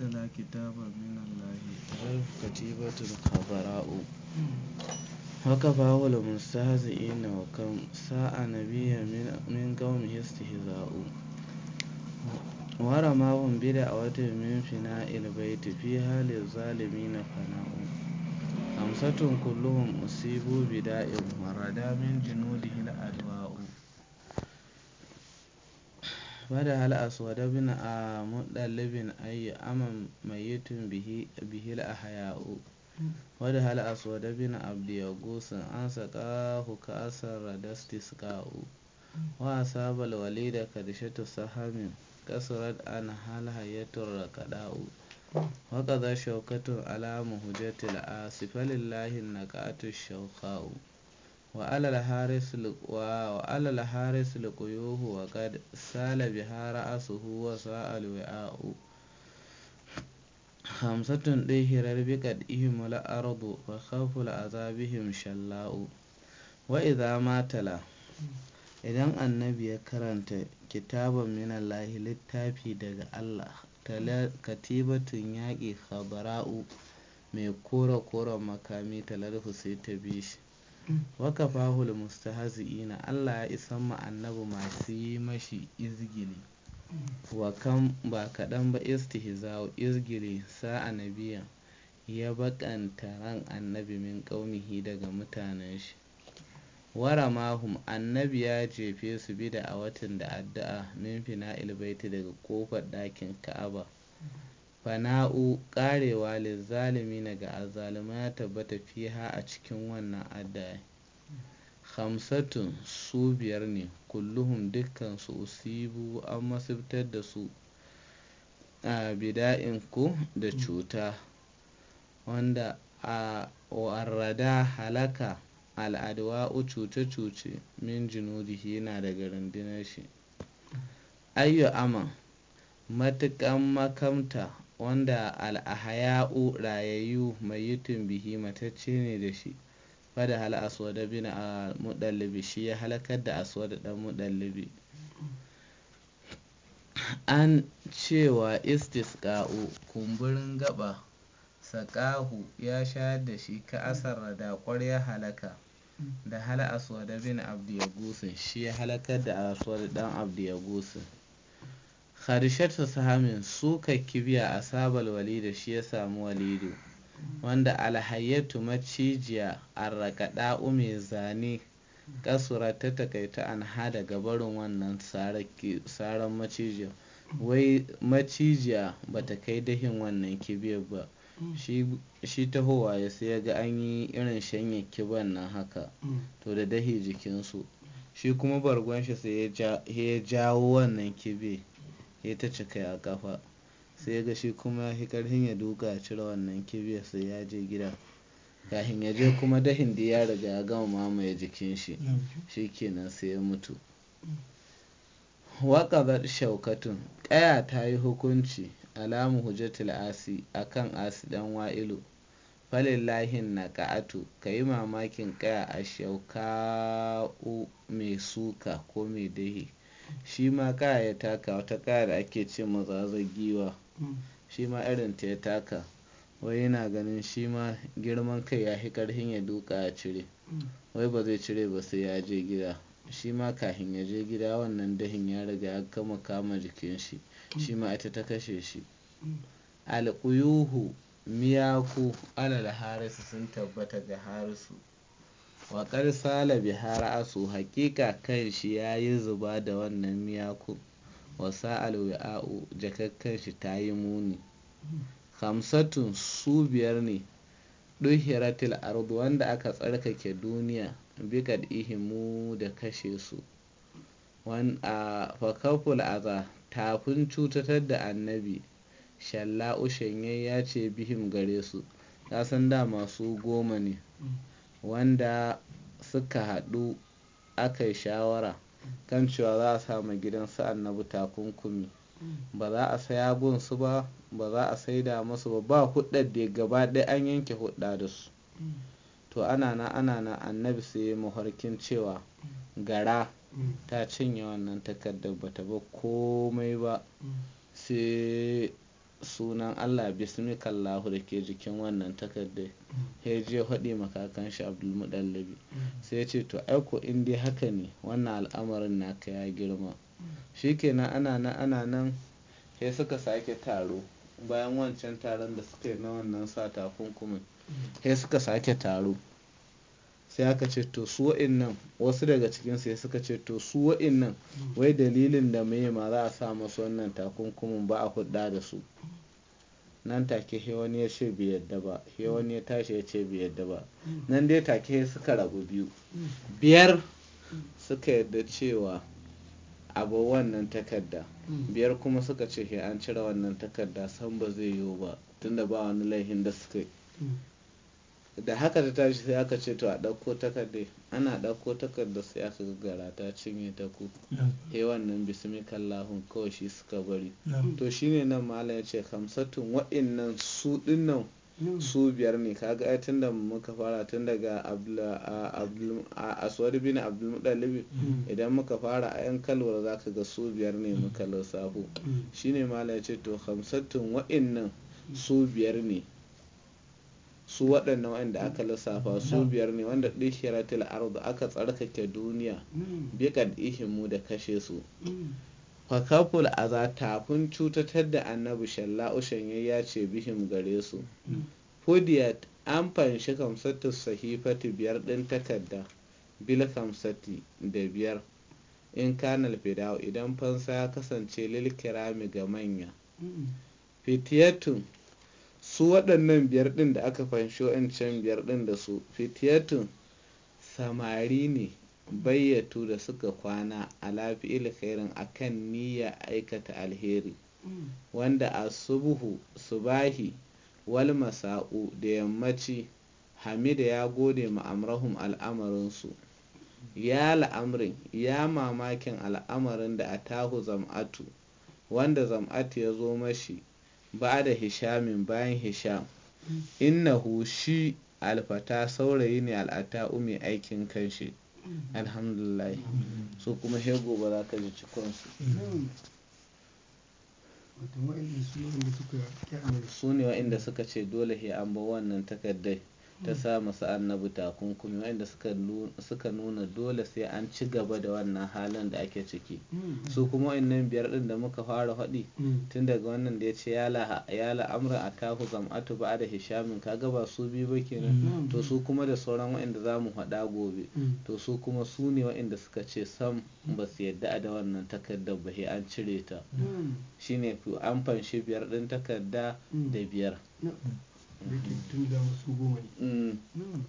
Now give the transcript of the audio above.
tattala kitaba min Allah ɗan katibatul khabara'u hmm. haka ba wala mustahzi'in wa kam sa'a nabiyya min gawm yastahza'u wa rama hum bi da awati min fina il baiti fi amsatun kulluhum usibu bi da'i marada fada hal aswada bin a mudallibin ayi aman mayitun bihi bihil ahya'u Wadda hal aswada bin abdi yagusan an saka hukasar radastis ka'u wa asabal walida kadishatu sahamin kasrat an hal hayatu shaukatun wa hujjatul a ala muhujatil asifalillahi nakatu shawqa'u wa'alala haris likoyuhu wa qaada sale bihara asuhu wasu alwaya'a u hamsattun dai hirar bikad irin wani arba'u da kafin azabihim shalla'u la'u. wa izama ta idan annabi ya karanta kitaban minna lafiya littafi daga allah talar katiba tun mai kore-koren makami talar da hussein ta biye shi. Waka wakafahul mustahzi'ina Allah ya isan ma annabi masu yi mashi izgili wa kam ba kaɗan ba istihza'u izgili sa'a nabiya ya bakanta ran annabi min ƙaunihi daga mutanen shi wara annabi ya jefe su bida a watan da addu'a min fina'il ilbaiti daga kofar dakin ka'aba fana'u karewa lizzalimina ga azzalumai ya tabbata fiha a cikin wannan adaya hamsatun su biyar ne kulluhun dukkan su usibu an masibtar da su a bida'in ku da cuta wanda a warrada halaka al'adwa'u cuce-cuce min jinudihi yana daga rundunar shi ayyu aman matukan makamta wanda al'ahaya'u rayayyu mai yutun bihi matacce ne da shi fada hal aswada bin a mudallibi shi ya halakar da aswada dan mudallibi an cewa istisqa'u kumburin gaba saƙahu ya shayar da shi ka asar radakwar ya halaka da hal aswada bin abdu ya shi ya halakar da aswada dan abdu ya harishatu sahamin suka kibiya a sabal walida shi ya samu walidu wanda alhayyatu macijiya an rakaɗa ume zane kasura ta takaita an hada gabarin wannan tsaron macijiya wai macijiya ba ta kai dahin wannan kibiyar ba shi tahowa ya sai ga an yi irin shanye kiban nan haka to da dahi jikinsu shi kuma bargon shi sai ya jawo wannan kibiyar. ya ta cika a kafa sai ga shi kuma ya ƙarfin ya duka ya cire wannan kibiyar sai ya je gida kahin ya je kuma dahin da ya riga ya gama mamaye jikin shi shi kenan sai ya mutu waƙar shaukatun ƙaya ta yi hukunci alamu hujjatul asi akan asi dan wa'ilu lahin na ka'atu ka yi mamakin ƙaya a shauka mai suka ko mai dahi shi ma kaya ya taka wata kaya da ake ce mazazar giwa mm. shi ma irin ta ya taka wai yana ganin shi ma girman kai ya fi karhin ya duka ya cire mm. wai ba zai cire ba sai ya je gida shi ma kahin ya je gida wannan dahin ya riga ya kama kama jikin shi mm. shi ma ita ta kashe shi alƙuyuhu miyaku alal harisu sun tabbata ga harisu waƙar sala bihar asu haƙiƙa kan shi ya yi zuba da wannan miyakun wasa alwi'a'u jakakkan shi ta yi muni hamsatun su biyar ne duhiratil ardu wanda aka tsarkake duniya bigad ihimu da kashe su a fakaful aza tafin cutatar da annabi shalla'u shanye ya ce bihim gare su kasan san da masu goma ne wanda suka haɗu aka yi shawara kan cewa za a samu gidansu annabi takunkumi ba za a saya gunsu ba ba za a saida musu ba ba hudar da gaba ɗaya an yanke hudda da su to ana na ana na annabi sai ya mafarkin cewa gara ta cinye wannan takardar ba ta ba komai ba sai sunan Allah bismikallahu da ke jikin wannan takardar mm. ya je ma makakan shi abdulmuɗallabi mm. sai ya ce to aiko in dai haka ne wannan al'amarin ka ya girma mm. shikenan ana nan ana nan sai suka sake taro bayan wancan taron da suka yi na wannan sa takunkumin sai suka sake taro sai aka ce to su wa'innan wasu daga cikin sai suka ce to su wa'innan wai dalilin da mai ma za a sa masu wannan takunkumin ba a hudda da su nan take he wani ya ce bai yadda ba he wani ya tashi ya ce bai yadda ba nan dai take he suka rabu biyu biyar suka yadda cewa abu wannan takarda biyar kuma suka ce he an cire wannan takarda san ba zai yiwu ba tunda ba wani laihin da suka yi da haka ta tashi sai aka ce to a ɗauko takardar ana ɗauko takardar sai aka gara ta cinye ta ku he wannan lahun kawai shi suka bari to shine nan malam ya ce hamsatun waɗannan su ɗinnan su biyar ne kaga ai tun da muka fara tun daga aswad bin abdulmuɗalib mm. idan muka fara a yan kalwar za ka ga su biyar ne muka lissafo mm. mm. shine malam ya ce to hamsatun waɗannan su biyar ne su waɗannan wanda aka lissafa su biyar ne wanda til arzu aka tsarkake duniya mm. biƙad ihimu da kashe su mm. fakaful za tafin cutatar da annabi shalla'u ya ce bihim gare su mm. fudiyat an fanshi kamsatu sahifatu biyar ɗin takarda bil kamsati da biyar in kanal fidawo idan fansa ya kasance lil kirami ga manya fitiyatun su waɗannan biyar ɗin da aka fahimci wa'ancan biyar ɗin da su fitiyatun samari ne bayyatu da suka kwana a fi'il a kan niyya aikata alheri wanda a subuhu subahi wal masa'u da yammaci hamida ya gode ma'amrahum al'amarinsu ya la'amrin ya mamakin al'amarin da a tahu zam'atu wanda zam'atu ya zo mashi ba da hishamin bayan hisham hmm. innahu shi alfata saurayi ne al'ata umi aikin kanshi hmm. alhamdulillah hmm. so kuma he gobe za ka ji cikonsu su ne wa'inda suka ce dole he an ba wannan takardai ta sa masu annabi takunkumi wanda suka nuna dole sai an ci gaba da wannan halin da ake ciki mm-hmm. su kuma wannan biyar din da muka fara faɗi mm-hmm. tun daga wannan da ya ce ya la'amura a tahu zam'atu ba da hishamin kaga ba su biyu ba kenan mm-hmm. to su kuma da sauran wa'anda za mu faɗa gobe to su kuma su ne wa'anda suka ce sam ba su yadda da wannan takardar ba an cire ta shine an fanshi biyar din takarda da biyar Break it through down subuh mandi